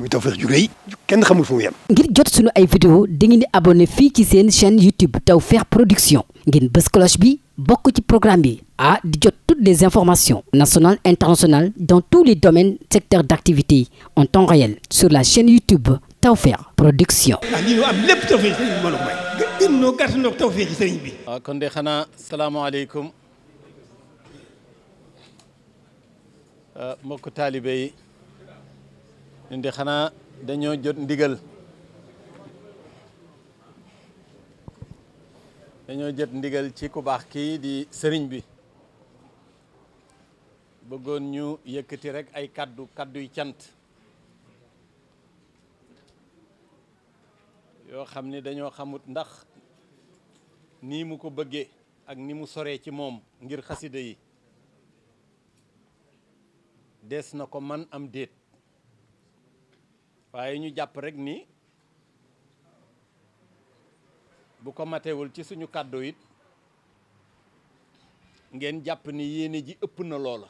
muy Tawfekh di abonné fii ci seen chaîne YouTube Tawfekh Production ngeen bës bi bokk ci programme bi ah di jot toutes les informations nationales internationales dans les domaines secteurs d'activité en temps réel sur la chaîne YouTube Tawfekh Production. ah lii ñu am ah, kon de xanaa salaamaaleykum ah, mbokk ñun de xanaa dañoo jot ndigal dañoo jot ndigal ci ku baax kii di sëriñ bi bëggoon ñu yëkkëti rekk ay kàddu kadduy cant yoo xam ni dañoo xamut ndax nii mu ko bëggee ak ni mu soree ci moom ngir xasida yi des na ko man am déet waaye ñu jàpp rekk ni bu ko matewul ci suñu kàddu it ngeen jàpp ni yéene ji ëpp na loola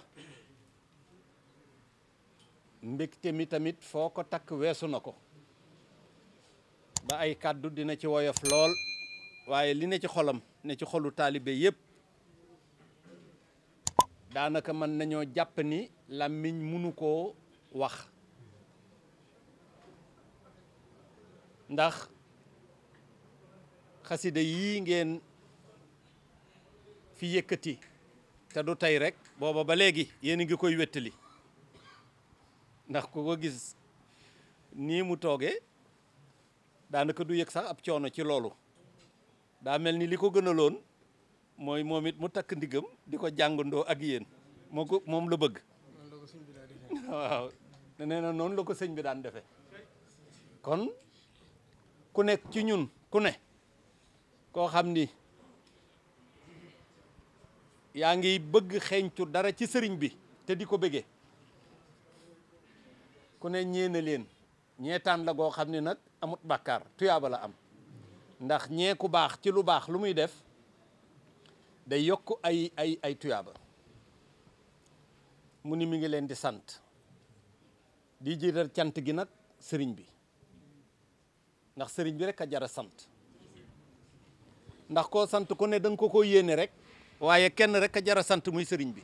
mbégte mi tamit foo ko takk weesu na ko ba ay kàddu dina ci woyof lool waaye li ne ci xolam ne ci xolu taalibe yépp daanaka mën nañoo jàpp ni làmmiñ munu koo wax ndax xasida yii ngeen fi yëkkati te du tey rek booba ba léegi yéen a ngi koy wettali ndax ku ko gis nii mu tooge daanaka du yëg sax ab coono ci loolu daa mel ni li ko gënaloon mooy moom it mu takk ndigam di ko jàngandoo ak yéen moo ko moom la bëgg waaw nee na noonu la ko sëñ bi daan defee kon ku nekk ci ñun ku ne koo xam ni yaa ngi bëgg xeeñcu dara ci sëriñ bi te di ko bëggee ku ne ñeena leen ñeetaan la goo xam ni nag amut bàkkaar tuyaaba la am ndax ñeeku baax ci lu baax lu muy def day yokk ay ay ay tuyaaba mu ni mi ngi leen di sant di jiital cant gi nag sëriñ bi ndax sëriñ bi rek a jar a sant ndax ko sant ko ne da ko ko yéene rek waaye kenn rek a jar a sant muy sëriñ bi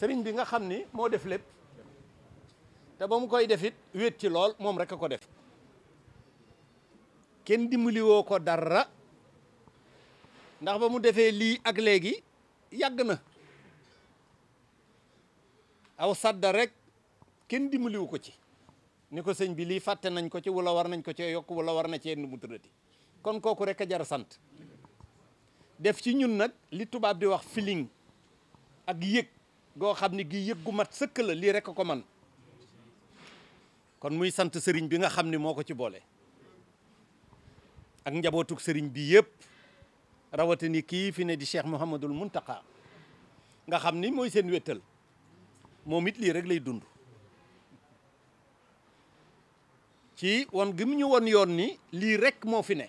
sëriñ bi nga xam ni moo def lépp te ba mu koy defit wéet ci lool moom rek a ko def kenn dimbali ko dara ndax ba mu defee lii ak léegi yàgg na aw sadda rek kenn dimbaliwu ko ci ni ko sëñ bi lii fàtte nañ ko ci wala war nañ ko cee yokk wala war na cee nu mu tëddati kon kooku rek a jar sant def ci ñun nag li tubaab di wax feeling ak yëg goo xam ne gi yëg gu mat sëkk lii rek ko man kon muy sant sëriñ bi nga xam ni moo ko ci boole ak njabootug sëriñ bi yëpp rawatina kii fi ne di cheikh Mouhamadul Mountakha nga xam ni mooy seen wetal moom it lii rek lay dund. ci wan gi mu ñu won yoon ni lii rek moo fi ne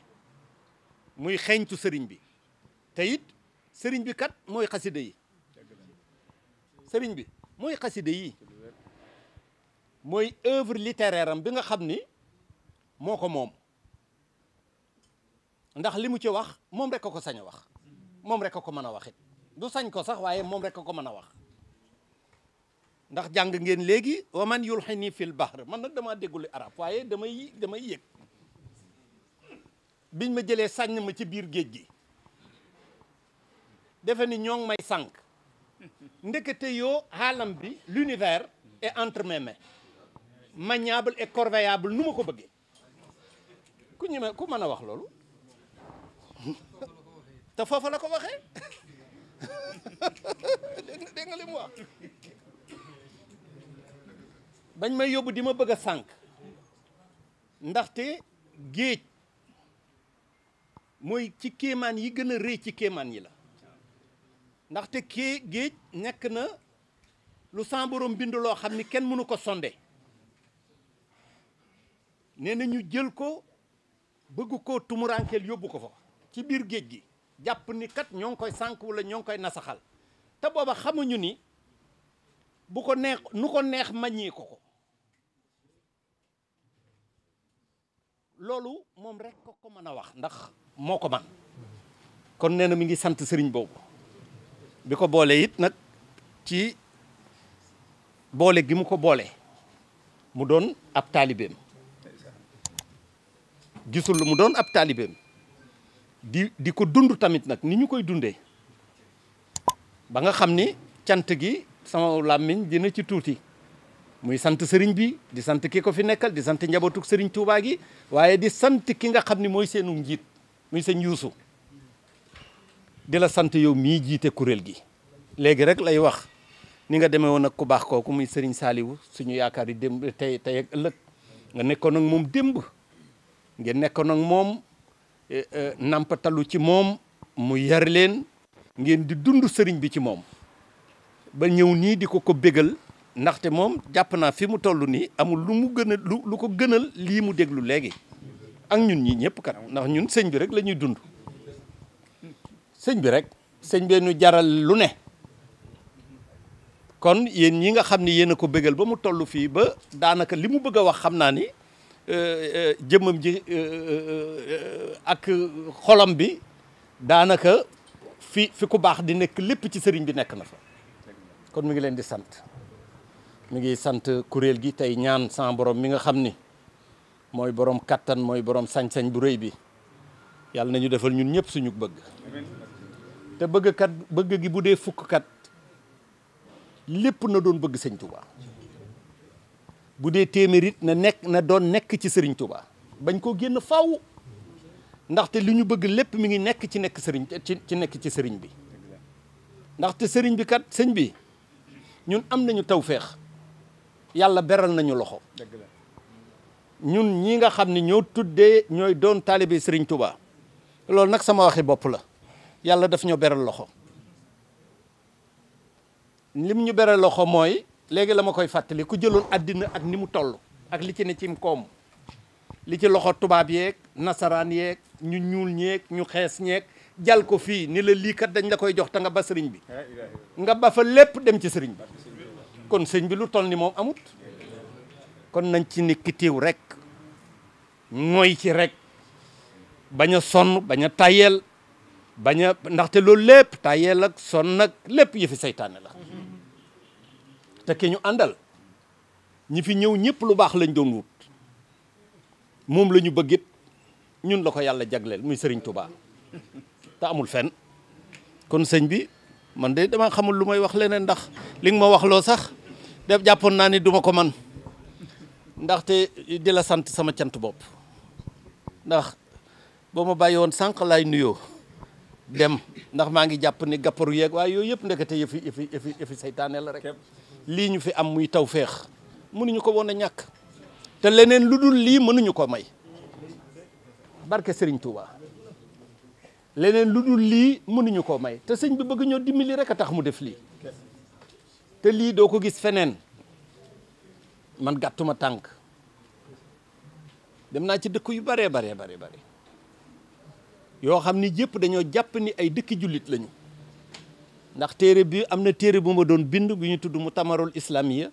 muy xeeñtu sëriñ bi te it sëriñ bi kat mooy xaside yi sëriñ bi mooy xaside yi mooy œuvre littéraire bi nga xam ni moo ko moom ndax li mu ci wax moom rek a ko sañ a wax moom rek a ko mën a wax it du sañ ko sax waaye moom rek a ko mën a wax ndax jàng ngeen léegi wa man yulxini fil bahr man nag dama déggul arab waaye damay damay yëg biñ ma jëlee sànn ma ci biir géej gi defe ni ñoo ngi may sànq ndekete yoo xaalam bi l'univers est entre mes mains maniable et corvéable nu ma ko bëggee ku ñeme ku mën a wax loolu te foofa la ko waxee dégg nga li mu bañ may yóbbu di ma bëgg a sànq ndaxte géej mooy ci kéemaan yi gën a rëy ci kéemaan yi la ndaxte kee géej nekk na lu sa borom bind loo xam ni kenn mënu ko sonde nee na ñu jël ko bëgg ko tumurankeel yóbbu ko fa ci biir géej gi jàpp ni kat ñoo koy sànq wala ñoo koy nasaxal te booba xamuñu ni bu ko neex nu ko neex maññee ko ko loolu moom rek ko ko mën a wax ndax moo ko man kon nee na mi ngi sant sëriñ boobu bi ko boole it nag ci boole gi mu ko boole mu doon ab taalibeem gisul mu doon ab taalibeem di di ko dund tamit nag ni ñu koy dundee ba nga xam ni cant gi sama làmmiñ dina ci tuuti muy sant sëriñ bi di sant ki ko fi nekkal di sant njabootu sëriñ Touba gi waaye di sant ki nga xam ni mooy seenu njiit muy sëñ Yuusu di la sant yow mii jiite kuréel gi léegi rek lay wax ni nga demee woon ak ku baax kooku muy sëriñ saaliw suñu yaakaar yi démb tey tey ak ëllëg nga nekkoon ak moom démb ngeen nekkoon ak moom eh, eh, nampatalu ci moom mu yar leen ngeen di dund sëriñ bi ci moom ba ñëw nii di ko ko bégal ndaxte moom jàpp naa fi mu toll nii amul lu mu gën a lu lu ko gënal lii mu déglu léegi ak ñun ñii ñëpp kat ndax ñun sëñ bi rek lañuy dund sëñ bi rek sëñ bee ñu jaral lu ne kon yéen ñi nga xam ni yéen a ko bëggal ba mu tollu fii ba daanaka li mu bëgg a wax xam naa ni euh, euh, jëmmam ji euh, ak xolam bi daanaka fi fi ku baax di nekk lépp ci sëriñ bi nekk na fa kon mu ngi leen di sant mi ngi sant kuréel gi tey ñaan san borom mi nga xam ni mooy borom kattan mooy borom sañ-sañ bu rëy bi yàlla nañu defal ñun ñëpp suñu bëgg te bëgg kat bëgg gi bu dee fukk kat lépp na doon bëgg sëñ Touba bu dee téeméerit na nekk na doon nekk ci sëriñ Touba bañ koo génn faw ndaxte li ñu bëgg lépp mu ngi nekk ci nekk sëriñ ci nekk ci sëriñ bi ndaxte sëriñ bi kat sëñ bi ñun am nañu tawféex. yàlla beral nañu loxo ñun ñi nga xam ne ñoo tuddee ñooy doon taalibe sëriñ Touba loolu nag sama waxi bopp la yàlla daf ñoo beral loxo lim ñu beral loxo mooy léegi la ma koy fàttali ku jëloon àddina ak ni mu toll ak li ci ne cim koom li ci loxo tubaab yeeg nasaraan yeeg ñu ñuul ñeeg ñu xees ñeeg jal ko fii ni la lii kat dañ la koy jox te nga ba sëriñ bi nga ba fa lépp dem ci sëriñ bi kon sëñ bi lu toll ni moom amut kon nañ ci nekk tiiw rek mooy ci rek bañ a sonn bañ a tayeel bañ a ndaxte loolu lépp tayeel sonn ak lépp yëfi seytaane la te ki ñu àndal ñi fi ñëw ñëpp lu baax lañ doon wut moom la ñu bëggit ñun la ko yàlla jagleel muy sëriñ Touba te amul fenn kon sëñ bi man de dama xamul lu may wax leneen ndax li ma wax loo sax def jàppoon naa ni duma ko man ndaxte di la sant sama cant bopp ndax boo ma bàyyi woon sànq laay nuyoo dem ndax maa ngi jàpp ni gàpparu yeeg waaye yooyu yëpp ndekete te yëfi yëfi yëfi seytaane la rek lii ñu fi am muy taw feex mënuñu ko woon ñàkk te leneen lu dul lii mënuñu ko may barke Serigne Touba leneen lu dul lii mënuñu ko may te sëñ bi bëgg ñoo dimbali rek a tax mu def lii te lii doo ko gis feneen man gàttuma tànk dem naa ci dëkk yu baree baree bare bare yoo xam ni yëpp dañoo jàpp ni ay dëkki jullit lañu ndax téere bi am na téere bu ma doon bind bu ñu tudd mu tamarul islamiya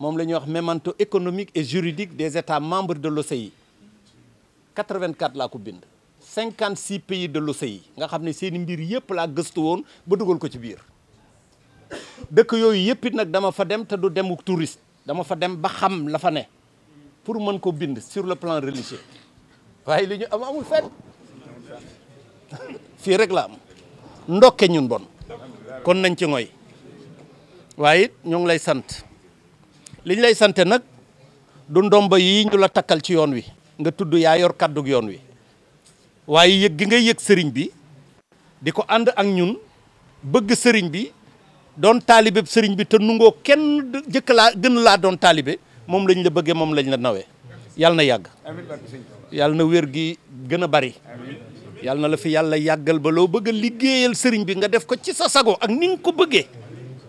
moom la ñuy wax memento économique et juridique des états membres de l'OCI 84 laa ko bind 56 pays de l'OCI nga xam ne seeni mbir yëpp laa gëstu woon ba dugal ko ci biir dëkk yooyu yëpp nag dama fa dem te du demu touriste dama fa dem ba xam lafa ne pour mën ko bind sur le plan religieux waaye li ñu am amul fenn fii rek la am ndokke ñun bon kon nañ ci ngoy waaye it ñu ngi lay sant liñ lay sante nag du ndomba yi ñu la takkal ci yoon wi nga tudd yaa yor kàddug yoon wi waaye yëg gi ngay yëg sëriñ bi di ko ànd ak ñun bëgg sëriñ bi doon taalibe sëriñ bi te nungoo kenn jëkk laa gën laa doon taalibe moom lañ la bëggee moom lañu la nawee yàlla na yàgg na wér gi gën a bari yàlla na la fi yàlla yàggal ba loo bëgg liggéeyal sëriñ bi nga def ko ci sa sago ak ni ko bëggee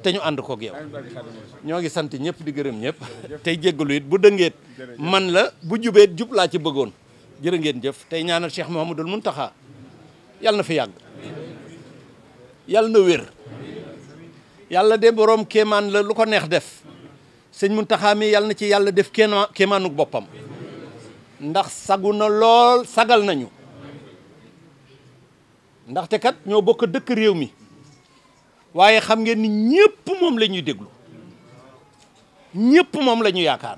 te ñu ànd koog yow ñoo ngi sant ñëpp di gërëm ñépp tey jéggalu it bu dëngeet man la bu jubeet jub laa ci bëggoon jërë ngeen jëf tey ñaanal Cheikh Mouhamadoul taxa yàlla na fi yàgg yàlla na wér yàlla de boroom kéemaan la lu ko neex def sëñ Muntaxa mi yàlla na ci yàlla def kéema kéemaanuk boppam ndax sagu na lool sagal nañu ndaxte kat ñoo bokk dëkk réew mi waaye xam ngeen ni ñëpp moom la déglu ñëpp moom la ñu yaakaar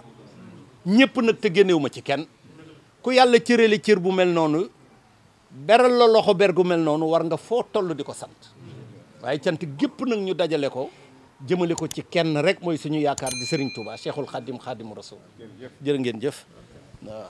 ñëpp nag te génnewu ma ci kenn ku yàlla cërale cër bu mel noonu beral la loxo ber gu mel noonu war nga foo toll di ko sant waaye cant gépp nag ñu dajale ko jëmale ko ci kenn rek mooy suñu yaakaar di Serigne Touba Cheikhul Khadim Khadim Rasoul jërë ngeen jëf waaw